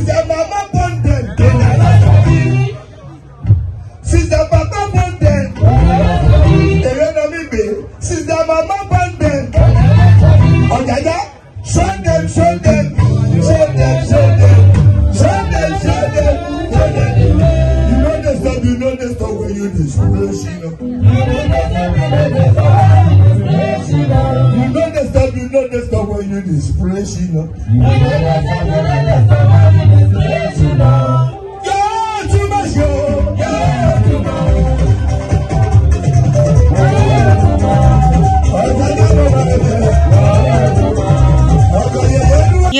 Sister Mama Bondem. Sister Papa Bondem. Èrè nà mí bè. Sister Mama Bondem. Ọ̀jàjà show dem show dem show dem show dem show dem show dem show dem. You no dey stop you no dey stop when you dey spray shina. You no dey you no dey when you dey spray shina.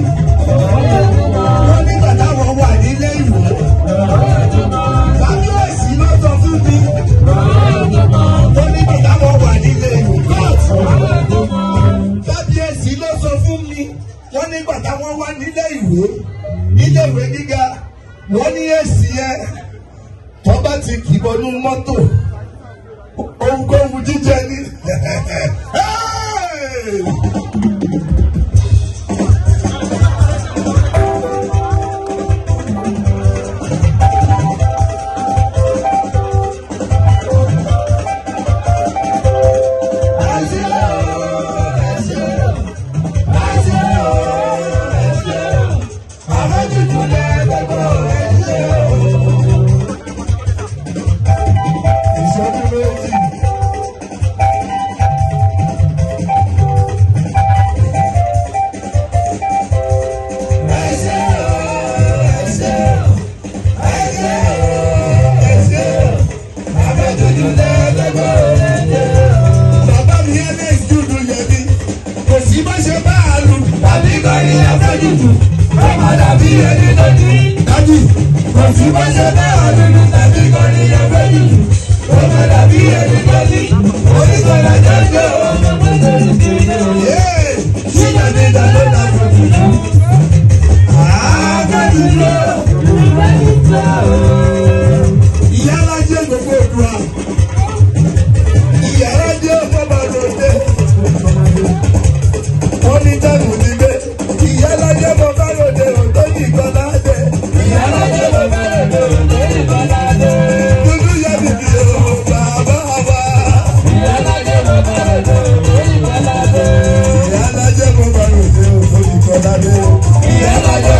wọ́n nígbà táwọn wà nílé ìwé kábíyèsí ló sọ fún mi wọ́n nígbà táwọn wà nílé ìwé kábíyèsí ló sọ fún mi wọ́n nígbà táwọn wà nílé ìwé nílé ìwé gíga wọ́n ní èsì ẹ tó bá ti kì bọnú mọ́tò ohunkóhun jíjẹ ní. Hey! ìṣẹ́jú méjì. dùn ọmọ dàbí ẹni lójú. dájú kò sí bá ṣe bẹ́ẹ̀ ọdún tàbí kọ́ni. Yeah,